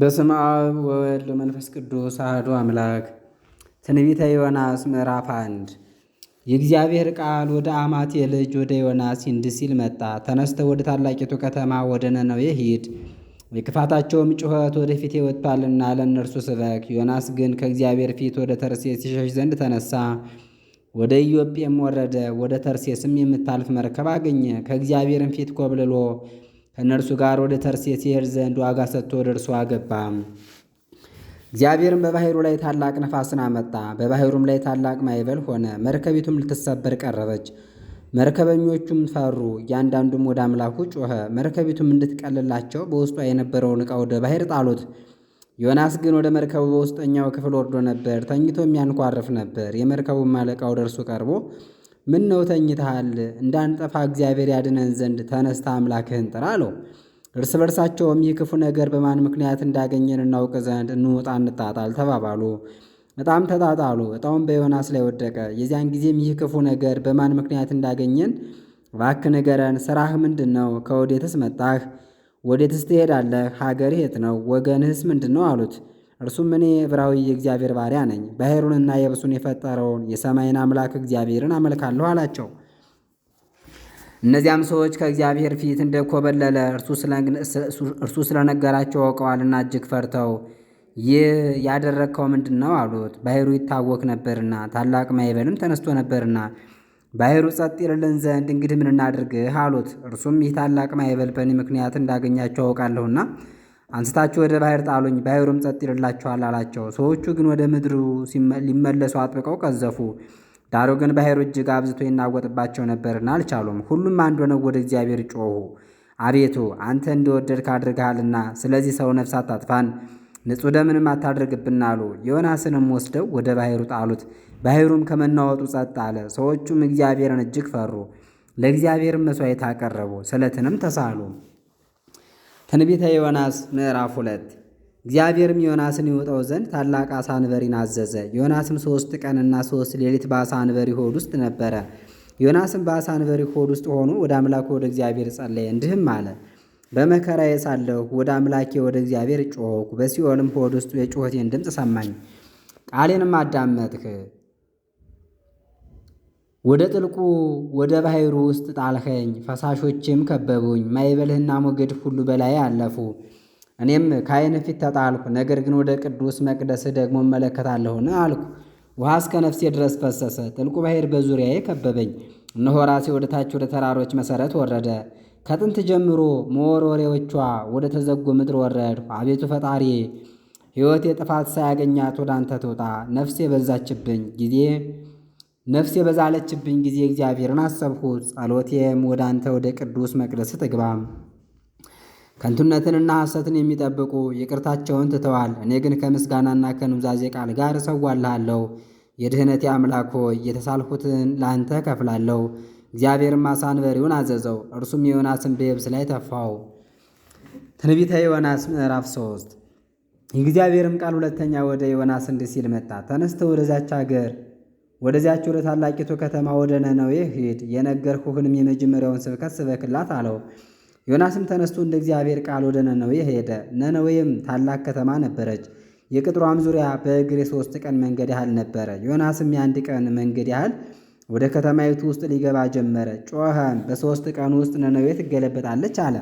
በስመ አብ ወወልድ ወመንፈስ ቅዱስ አሐዱ አምላክ። ትንቢተ ዮናስ ምዕራፍ አንድ የእግዚአብሔር ቃል ወደ አማቴ ልጅ ወደ ዮናስ እንዲህ ሲል መጣ። ተነስተ ወደ ታላቂቱ ከተማ ወደ ነነዌ ሂድ፣ የክፋታቸውም ጩኸት ወደፊት ፊቴ ለእነርሱ ስበክ። ዮናስ ግን ከእግዚአብሔር ፊት ወደ ተርሴስ ሲሸሽ ዘንድ ተነሳ። ወደ ኢዮጴም ወረደ። ወደ ተርሴስም የምታልፍ መርከብ አገኘ። ከእግዚአብሔርም ፊት ኮብልሎ ከእነርሱ ጋር ወደ ተርሴስ ይሄድ ዘንድ ዋጋ ሰጥቶ ወደ እርሱ አገባም። እግዚአብሔርም በባሕሩ ላይ ታላቅ ነፋስን አመጣ። በባሕሩም ላይ ታላቅ ማዕበል ሆነ። መርከቢቱም ልትሰበር ቀረበች። መርከበኞቹም ፈሩ፣ እያንዳንዱም ወደ አምላኩ ጮኸ። መርከቢቱም እንድትቀልላቸው በውስጧ የነበረውን ዕቃ ወደ ባሕር ጣሉት። ዮናስ ግን ወደ መርከቡ በውስጠኛው ክፍል ወርዶ ነበር፣ ተኝቶ የሚያንኳርፍ ነበር። የመርከቡም አለቃ ወደ እርሱ ቀርቦ ምን ነው ተኝተሃል? እንዳንጠፋ እግዚአብሔር ያድነን ዘንድ ተነስተ አምላክህን ጥራ አለው። እርስ በርሳቸውም ይህ ክፉ ነገር በማን ምክንያት እንዳገኘን እናውቅ ዘንድ እንውጣ፣ እንጣጣል ተባባሉ። በጣም ተጣጣሉ። እጣውም በዮናስ ላይ ወደቀ። የዚያን ጊዜም ይህ ክፉ ነገር በማን ምክንያት እንዳገኘን እባክህ ንገረን። ስራህ ምንድን ነው? ከወዴትስ መጣህ? ወዴትስ ትሄዳለህ? ሀገርህ የት ነው? ወገንህስ ምንድን ነው? አሉት። እርሱም እኔ ብራዊ የእግዚአብሔር ባሪያ ነኝ፣ ባሕሩንና የብሱን የፈጠረውን የሰማይን አምላክ እግዚአብሔርን አመልካለሁ አላቸው። እነዚያም ሰዎች ከእግዚአብሔር ፊት እንደ ኮበለለ እርሱ ስለነገራቸው አውቀዋልና እጅግ ፈርተው ይህ ያደረግከው ምንድን ነው አሉት። ባሕሩ ይታወክ ነበርና ታላቅ ማዕበልም ተነስቶ ነበርና ባሕሩ ጸጥ ይልልን ዘንድ እንግዲህ ምን እናድርግህ አሉት። እርሱም ይህ ታላቅ ማዕበል በእኔ ምክንያት እንዳገኛቸው አውቃለሁና አንስታችሁ ወደ ባህር ጣሉኝ፣ ባህሩም ጸጥ ይልላችኋል አላቸው። ሰዎቹ ግን ወደ ምድሩ ሊመለሱ አጥብቀው ቀዘፉ። ዳሩ ግን ባህሩ እጅግ አብዝቶ ይናወጥባቸው ነበርና አልቻሉም። ሁሉም አንድ ሆነው ወደ እግዚአብሔር ጮኹ። አቤቱ አንተ እንደወደድክ አድርገሃልና ስለዚህ ሰው ነፍስ አታጥፋን፣ ንጹሕ ደምንም አታድርግብን አሉ። ዮናስንም ወስደው ወደ ባህሩ ጣሉት። ባህሩም ከመናወጡ ጸጥ አለ። ሰዎቹም እግዚአብሔርን እጅግ ፈሩ። ለእግዚአብሔርም መሥዋዕት አቀረቡ፣ ስለትንም ተሳሉ። ትንቢተ ዮናስ ምዕራፍ ሁለት እግዚአብሔርም ዮናስን ይውጠው ዘንድ ታላቅ አሳ አንበሪን አዘዘ። ዮናስም ሶስት ቀንና ሶስት ሌሊት በአሳ አንበሪ ሆድ ውስጥ ነበረ። ዮናስም በአሳ አንበሪ ሆድ ውስጥ ሆኖ ወደ አምላኩ ወደ እግዚአብሔር ጸለየ፣ እንዲህም አለ በመከራዬ ሳለሁ ወደ አምላኬ ወደ እግዚአብሔር ጮኽኩ፣ በሲኦልም ሆድ ውስጥ የጩኸቴን ድምፅ ሰማኝ፣ ቃሌንም አዳመጥክ። ወደ ጥልቁ ወደ ባሕሩ ውስጥ ጣልኸኝ፣ ፈሳሾችም ከበቡኝ። ማዕበልህና ሞገድ ሁሉ በላዬ አለፉ። እኔም ከዓይንህ ፊት ተጣልኩ። ነገር ግን ወደ ቅዱስ መቅደስህ ደግሞ እመለከታለሁን አልኩ። ውሃ እስከ ነፍሴ ድረስ ፈሰሰ። ጥልቁ ባሕር በዙሪያዬ ከበበኝ። እነሆ ራሴ ወደ ታች ወደ ተራሮች መሠረት ወረደ። ከጥንት ጀምሮ መወርወሪያዎቿ ወደ ተዘጉ ምድር ወረድ አቤቱ ፈጣሪ ሕይወቴ ጥፋት ሳያገኛት ወደ አንተ ትውጣ። ነፍሴ በዛችብኝ ጊዜ ነፍሴ በዛለችብኝ ጊዜ እግዚአብሔርን አሰብሁት። ጸሎቴም ወደ አንተ ወደ ቅዱስ መቅደስ ትግባ። ከንቱነትንና ሐሰትን የሚጠብቁ ይቅርታቸውን ትተዋል። እኔ ግን ከምስጋናና ከኑዛዜ ቃል ጋር እሰዋልሃለሁ። የድህነት አምላክ ሆይ የተሳልሁትን ለአንተ ከፍላለሁ። እግዚአብሔርም ዓሣ አዘዘው፣ እርሱም የዮናስን በየብስ ላይ ተፋው። ትንቢተ ዮናስ ምዕራፍ 3 የእግዚአብሔርም ቃል ሁለተኛ ወደ ዮናስ እንዲህ ሲል መጣ። ተነስተ ወደዚያች አገር ወደዚያች ወደ ታላቂቱ ከተማ ወደ ነነዌ ሂድ፣ የነገርኩህንም የመጀመሪያውን ስብከት ስበክላት አለው። ዮናስም ተነስቶ እንደ እግዚአብሔር ቃል ወደ ነነዌ ሄደ። ነነዌም ታላቅ ከተማ ነበረች። የቅጥሯም ዙሪያ በእግር የሶስት ቀን መንገድ ያህል ነበረ። ዮናስም የአንድ ቀን መንገድ ያህል ወደ ከተማይቱ ውስጥ ሊገባ ጀመረ። ጮኸም፣ በሶስት ቀን ውስጥ ነነዌ ትገለበጣለች አለ።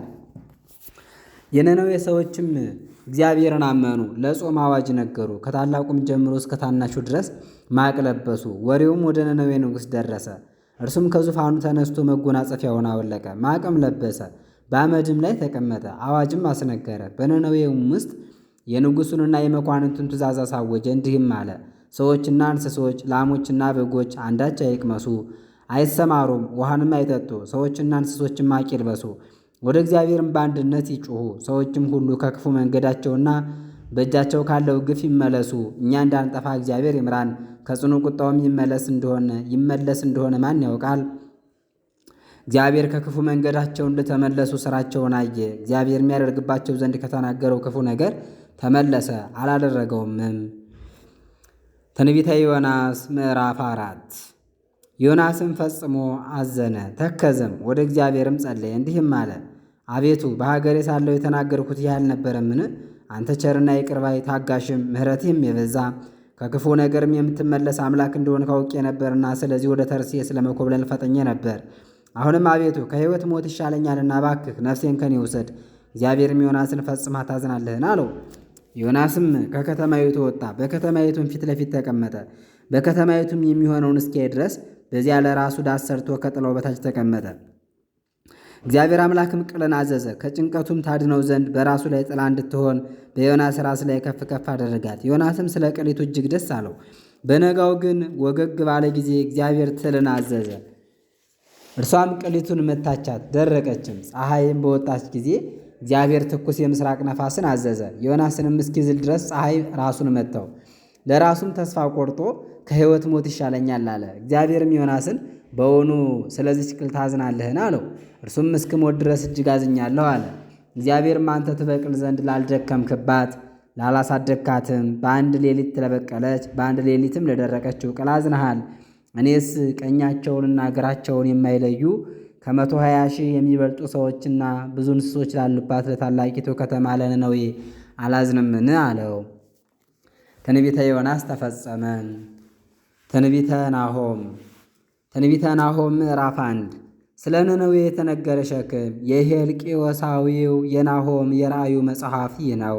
የነነዌ ሰዎችም እግዚአብሔርን አመኑ፣ ለጾም አዋጅ ነገሩ። ከታላቁም ጀምሮ እስከ ታናሹ ድረስ ማቅ ለበሱ። ወሬውም ወደ ነነዌ ንጉሥ ደረሰ። እርሱም ከዙፋኑ ተነስቶ መጎናጸፊያውን አወለቀ፣ ማቅም ለበሰ፣ በአመድም ላይ ተቀመጠ። አዋጅም አስነገረ። በነነዌውም ውስጥ የንጉሡንና የመኳንንቱን ትእዛዝ አሳወጀ፣ እንዲህም አለ ሰዎችና እንስሶች፣ ላሞችና በጎች አንዳች አይቅመሱ አይሰማሩም፣ ውሃንም አይጠጡ፣ ሰዎችና እንስሶችም ማቅ ይልበሱ። ወደ እግዚአብሔርም በአንድነት ይጩሁ ሰዎችም ሁሉ ከክፉ መንገዳቸውና በእጃቸው ካለው ግፍ ይመለሱ። እኛ እንዳንጠፋ እግዚአብሔር ይምራን፣ ከጽኑ ቁጣውም ይመለስ እንደሆነ ይመለስ እንደሆነ ማን ያውቃል? እግዚአብሔር ከክፉ መንገዳቸው እንደተመለሱ ስራቸውን አየ። እግዚአብሔር የሚያደርግባቸው ዘንድ ከተናገረው ክፉ ነገር ተመለሰ፣ አላደረገውምም። ትንቢተ ዮናስ ምዕራፍ አራት ዮናስም ፈጽሞ አዘነ፣ ተከዘም፣ ወደ እግዚአብሔርም ጸለየ፣ እንዲህም አለ አቤቱ በሀገሬ ሳለሁ የተናገርኩት ይህ አልነበረምን? አንተ ቸርና ይቅር ባይ ታጋሽም ምሕረትህም የበዛ ከክፉ ነገርም የምትመለስ አምላክ እንደሆን ካውቄ ነበርና ስለዚህ ወደ ተርሴስ ለመኮብለል ፈጠኘ ነበር። አሁንም አቤቱ ከሕይወት ሞት ይሻለኛልና ባክህ ነፍሴን ከኔ ውሰድ። እግዚአብሔርም ዮናስን ፈጽማ ታዝናለህን አለው። ዮናስም ከከተማይቱ ወጣ፣ በከተማይቱም ፊት ለፊት ተቀመጠ። በከተማይቱም የሚሆነውን እስኪያይ ድረስ በዚያ ለራሱ ዳስ ሰርቶ ከጥላው በታች ተቀመጠ። እግዚአብሔር አምላክም ቅልን አዘዘ። ከጭንቀቱም ታድነው ዘንድ በራሱ ላይ ጥላ እንድትሆን በዮናስ ራስ ላይ ከፍ ከፍ አደረጋት። ዮናስም ስለ ቅሊቱ እጅግ ደስ አለው። በነጋው ግን ወገግ ባለ ጊዜ እግዚአብሔር ትልን አዘዘ። እርሷም ቅሊቱን መታቻት፣ ደረቀችም። ፀሐይም በወጣች ጊዜ እግዚአብሔር ትኩስ የምስራቅ ነፋስን አዘዘ። ዮናስንም እስኪዝል ድረስ ፀሐይ ራሱን መታው። ለራሱም ተስፋ ቆርጦ ከሕይወት ሞት ይሻለኛል አለ። እግዚአብሔርም ዮናስን በውኑ ስለዚች ቅል ታዝናለህን? አለው እርሱም እስክሞት ድረስ እጅግ አዝኛለሁ አለ። እግዚአብሔርም አንተ ትበቅል ዘንድ ላልደከምክባት ላላሳደግካትም በአንድ ሌሊት ለበቀለች በአንድ ሌሊትም ለደረቀችው ቅል አዝነሃል። እኔስ ቀኛቸውንና እግራቸውን የማይለዩ ከመቶ ሀያ ሺህ የሚበልጡ ሰዎችና ብዙ እንስሶች ላሉባት ለታላቂቱ ከተማ ለነነዌ አላዝንምን አለው። ትንቢተ ዮናስ ተፈጸመ። ትንቢተ ናሆም ትንቢተ ናሆም ምዕራፍ አንድ ስለ ነነዌ የተነገረ ሸክም የሄልቂዮሳዊው የናሆም የራእዩ መጽሐፍ ይህ ነው።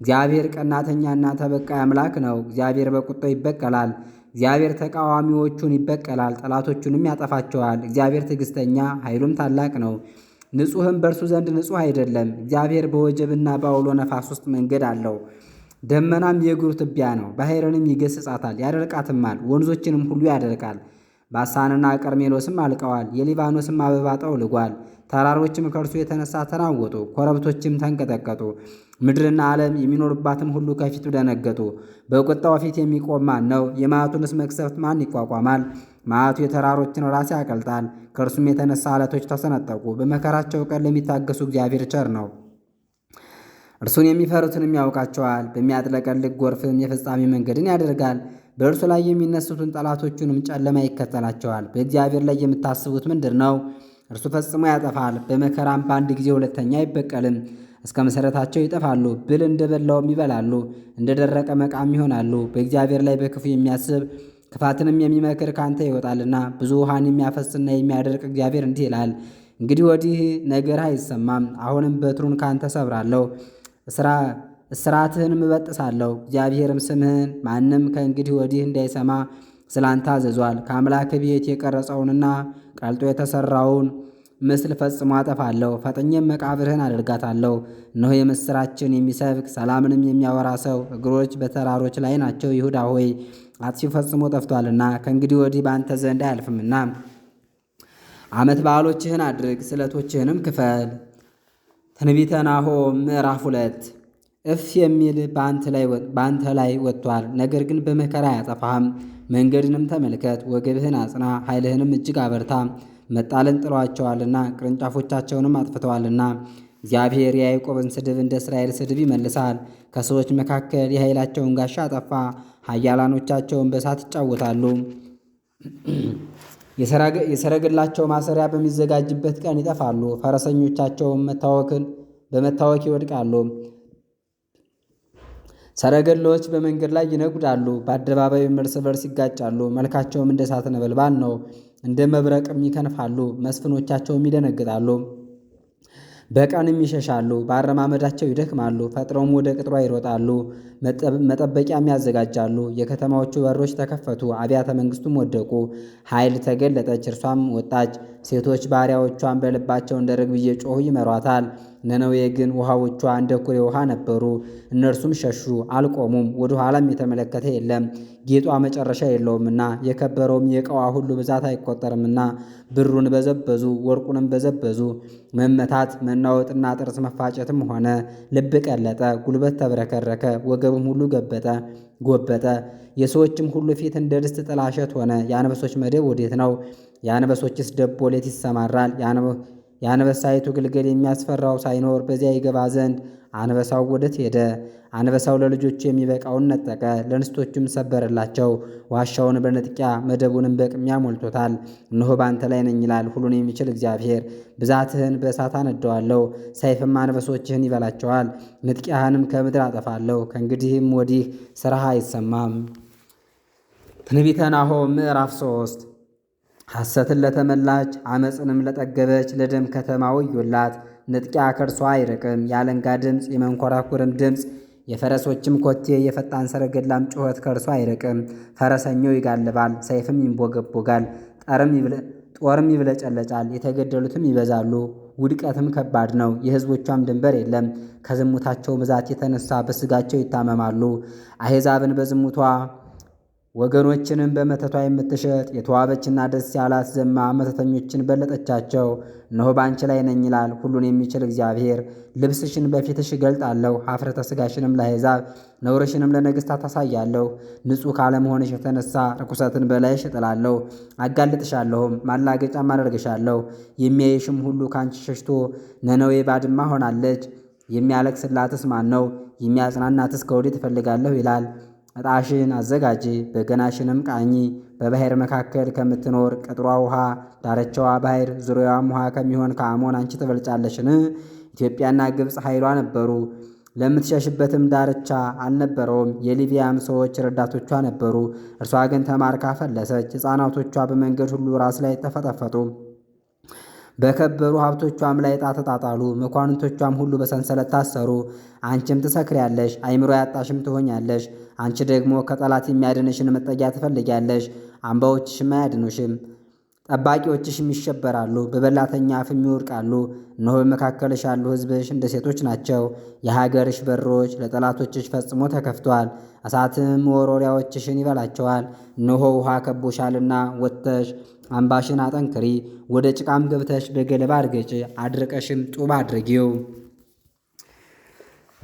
እግዚአብሔር ቀናተኛና ተበቃይ አምላክ ነው። እግዚአብሔር በቁጣው ይበቀላል። እግዚአብሔር ተቃዋሚዎቹን ይበቀላል፣ ጠላቶቹንም ያጠፋቸዋል። እግዚአብሔር ትዕግስተኛ ኃይሉም ታላቅ ነው። ንጹሕም በእርሱ ዘንድ ንጹሕ አይደለም። እግዚአብሔር በወጀብና በአውሎ ነፋስ ውስጥ መንገድ አለው። ደመናም የእግሩ ትቢያ ነው። ባሕርንም ይገስጻታል፣ ያደርቃትማል። ወንዞችንም ሁሉ ያደርቃል። ባሳንና ቀርሜሎስም አልቀዋል። የሊባኖስም አበባ ጠውልጓል። ተራሮችም ከእርሱ የተነሳ ተናወጡ፣ ኮረብቶችም ተንቀጠቀጡ። ምድርና ዓለም የሚኖሩባትም ሁሉ ከፊቱ ደነገጡ። በቁጣው ፊት የሚቆም ማን ነው? የመዓቱንስ መቅሰፍት ማን ይቋቋማል? ማቱ የተራሮችን ራስ ያቀልጣል፣ ከእርሱም የተነሳ ዓለቶች ተሰነጠቁ። በመከራቸው ቀን ለሚታገሱ እግዚአብሔር ቸር ነው። እርሱን የሚፈሩትንም ያውቃቸዋል። በሚያጥለቀልቅ ጎርፍም የፍጻሜ መንገድን ያደርጋል። በእርሱ ላይ የሚነሱትን ጠላቶቹንም ጨለማ ይከተላቸዋል። በእግዚአብሔር ላይ የምታስቡት ምንድር ነው? እርሱ ፈጽሞ ያጠፋል፣ በመከራም በአንድ ጊዜ ሁለተኛ አይበቀልም። እስከ መሠረታቸው ይጠፋሉ፣ ብል እንደበላውም ይበላሉ፣ እንደ ደረቀ መቃም ይሆናሉ። በእግዚአብሔር ላይ በክፉ የሚያስብ ክፋትንም የሚመክር ካንተ ይወጣልና ብዙ ውሃን የሚያፈስና የሚያደርቅ እግዚአብሔር እንዲህ ይላል፣ እንግዲህ ወዲህ ነገር አይሰማም። አሁንም በትሩን ካንተ ሰብራለሁ ስራ እስራትህንም እበጥሳለሁ። እግዚአብሔርም ስምህን ማንም ከእንግዲህ ወዲህ እንዳይሰማ ስላንተ አዘዟል። ከአምላክ ቤት የቀረጸውንና ቀልጦ የተሠራውን ምስል ፈጽሞ አጠፋለሁ። ፈጥኜም መቃብርህን አደርጋታለሁ። እነሆ የምሥራችን የሚሰብክ ሰላምንም የሚያወራ ሰው እግሮች በተራሮች ላይ ናቸው። ይሁዳ ሆይ አጥፊው ፈጽሞ ጠፍቷልና ከእንግዲህ ወዲህ በአንተ ዘንድ አያልፍምና ዓመት በዓሎችህን አድርግ፣ ስለቶችህንም ክፈል። ትንቢተ ናሆም ምዕራፍ ሁለት እፍ የሚል በአንተ ላይ ወጥቷል፣ ነገር ግን በመከራ አያጠፋህም። መንገድንም ተመልከት፣ ወገብህን አጽና፣ ኃይልህንም እጅግ አበርታ። መጣልን ጥለዋቸዋልና ቅርንጫፎቻቸውንም አጥፍተዋልና። እግዚአብሔር የያዕቆብን ስድብ እንደ እስራኤል ስድብ ይመልሳል። ከሰዎች መካከል የኃይላቸውን ጋሻ አጠፋ፣ ኃያላኖቻቸውን በእሳት ይጫወታሉ። የሰረግላቸው ማሰሪያ በሚዘጋጅበት ቀን ይጠፋሉ፣ ፈረሰኞቻቸውን መታወክን በመታወክ ይወድቃሉ። ሰረገሎች በመንገድ ላይ ይነጉዳሉ፣ በአደባባይም እርስ በርስ ይጋጫሉ። መልካቸውም እንደ እሳት ነበልባል ነው፣ እንደ መብረቅም ይከንፋሉ። መስፍኖቻቸውም ይደነግጣሉ፣ በቀንም ይሸሻሉ። በአረማመዳቸው ይደክማሉ፣ ፈጥረውም ወደ ቅጥሯ ይሮጣሉ፣ መጠበቂያም ያዘጋጃሉ። የከተማዎቹ በሮች ተከፈቱ፣ አብያተ መንግስቱም ወደቁ። ኃይል ተገለጠች፣ እርሷም ወጣች። ሴቶች ባሪያዎቿን በልባቸው እንደ ርግብ እየጮኹ ይመሯታል። ነነዌ ግን ውሃዎቿ እንደ ኩሬ ውሃ ነበሩ። እነርሱም ሸሹ፣ አልቆሙም፣ ወደ ኋላም የተመለከተ የለም። ጌጧ መጨረሻ የለውምና የከበረውም የእቃዋ ሁሉ ብዛት አይቆጠርምና ብሩን በዘበዙ፣ ወርቁንም በዘበዙ። መመታት መናወጥና ጥርስ መፋጨትም ሆነ። ልብ ቀለጠ፣ ጉልበት ተብረከረከ፣ ወገብም ሁሉ ገበጠ ጎበጠ። የሰዎችም ሁሉ ፊት እንደ ድስት ጥላሸት ሆነ። የአንበሶች መደብ ወዴት ነው? የአንበሶችስ ደቦሌት ይሰማራል? የአንበሳይቱ ግልገል የሚያስፈራው ሳይኖር በዚያ ይገባ ዘንድ አንበሳው ወደት ሄደ። አንበሳው ለልጆቹ የሚበቃውን ነጠቀ፣ ለእንስቶቹም ሰበረላቸው። ዋሻውን በንጥቂያ መደቡንም በቅሚያ ሞልቶታል። እነሆ ባንተ ላይ ነኝ ይላል ሁሉን የሚችል እግዚአብሔር። ብዛትህን በእሳት አነደዋለሁ፣ ሰይፍም አንበሶችህን ይበላቸዋል። ንጥቂያህንም ከምድር አጠፋለሁ፣ ከእንግዲህም ወዲህ ስራህ አይሰማም። ትንቢተ ናሆም ምዕራፍ ሶስት ሐሰትን ለተመላች ዓመፅንም ለጠገበች ለደም ከተማ ወዮላት። ንጥቂያ ከእርሷ አይርቅም። የአለንጋ ድምፅ፣ የመንኮራኩርም ድምፅ፣ የፈረሶችም ኮቴ፣ የፈጣን ሰረገላም ጩኸት ከእርሷ አይርቅም። ፈረሰኛው ይጋልባል፣ ሰይፍም ይንቦገቦጋል፣ ጦርም ይብለጨለጫል። የተገደሉትም ይበዛሉ፣ ውድቀትም ከባድ ነው። የሕዝቦቿም ድንበር የለም። ከዝሙታቸው ብዛት የተነሳ በስጋቸው ይታመማሉ። አሕዛብን በዝሙቷ ወገኖችንም በመተቷ የምትሸጥ የተዋበችና ደስ ያላት ዘማ መተተኞችን በለጠቻቸው። እነሆ ባንቺ ላይ ነኝ ይላል ሁሉን የሚችል እግዚአብሔር። ልብስሽን በፊትሽ እገልጣለሁ፣ ሀፍረተ ስጋሽንም ለአሕዛብ ነውርሽንም ለነገሥታት ታሳያለሁ። ንጹሕ ካለመሆንሽ የተነሳ ርኩሰትን በላይሽ እጥላለሁ፣ አጋልጥሻለሁም፣ ማላገጫም አደርግሻለሁ። የሚያይሽም ሁሉ ከአንቺ ሸሽቶ ነነዌ ባድማ ሆናለች። የሚያለቅስላትስ ማን ነው? የሚያጽናናትስ ከወዴት እፈልጋለሁ ይላል። ዕጣሽን አዘጋጂ፣ በገናሽንም ቃኚ። በባሕር መካከል ከምትኖር ቅጥሯ ውሃ፣ ዳርቻዋ ባሕር፣ ዙሪያዋም ውሃ ከሚሆን ከአሞን አንቺ ትበልጫለሽን? ኢትዮጵያና ግብፅ ኃይሏ ነበሩ፣ ለምትሸሽበትም ዳርቻ አልነበረውም። የሊቢያም ሰዎች ረዳቶቿ ነበሩ። እርሷ ግን ተማርካ ፈለሰች። ሕፃናቶቿ በመንገድ ሁሉ ራስ ላይ ተፈጠፈጡ። በከበሩ ሀብቶቿም ላይ ዕጣ ተጣጣሉ። መኳንንቶቿም ሁሉ በሰንሰለት ታሰሩ። አንቺም ትሰክሪያለሽ፣ አይምሮ ያጣሽም ትሆኛለሽ። አንቺ ደግሞ ከጠላት የሚያድንሽን መጠጊያ ትፈልጊያለሽ። አምባዎችሽም አያድኑሽም፣ ጠባቂዎችሽም ይሸበራሉ፣ በበላተኛ አፍም ይወድቃሉ። እነሆ በመካከልሽ ያሉ ሕዝብሽ እንደ ሴቶች ናቸው። የሀገርሽ በሮች ለጠላቶችሽ ፈጽሞ ተከፍቷል። እሳትም ወሮሪያዎችሽን ይበላቸዋል። እነሆ ውሃ ከቦሻልና ወጥተሽ አምባሽን አጠንክሪ፣ ወደ ጭቃም ገብተሽ በገለባ አድርገጭ፣ አድርቀሽም ጡብ አድርጊው።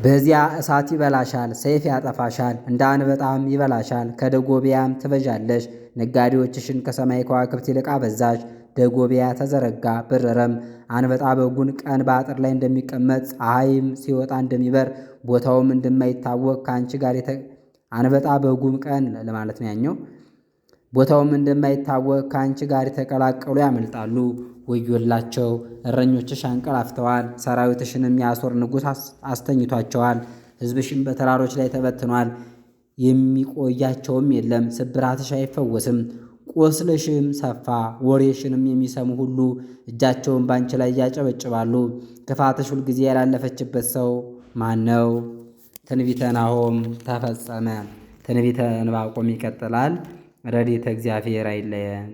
በዚያ እሳት ይበላሻል፣ ሰይፍ ያጠፋሻል፣ እንደ አንበጣም ይበላሻል። ከደጎቢያም ትበዣለሽ። ነጋዴዎችሽን ከሰማይ ከዋክብት ይልቅ አበዛሽ። ደጎቢያ ተዘረጋ በረረም። አንበጣ በጉን ቀን በአጥር ላይ እንደሚቀመጥ ፀሐይም ሲወጣ እንደሚበር ቦታውም እንደማይታወቅ ከአንቺ ጋር አንበጣ በጉም ቀን ለማለት ነው ያኛው ቦታውም እንደማይታወቅ ከአንቺ ጋር የተቀላቀሉ ያመልጣሉ። ወዮላቸው! እረኞችሽ አንቀላፍተዋል፣ ሰራዊትሽንም የአሦር ንጉሥ አስተኝቷቸዋል። ሕዝብሽም በተራሮች ላይ ተበትኗል፣ የሚቆያቸውም የለም። ስብራትሽ አይፈወስም፣ ቁስልሽም ሰፋ። ወሬሽንም የሚሰሙ ሁሉ እጃቸውን በአንቺ ላይ ያጨበጭባሉ። ክፋትሽ ሁልጊዜ ያላለፈችበት ሰው ማን ነው? ትንቢተ ናሆም ተፈጸመ። ትንቢተ ዕንባቆም ይቀጥላል። ረድኤተ እግዚአብሔር አይለየን።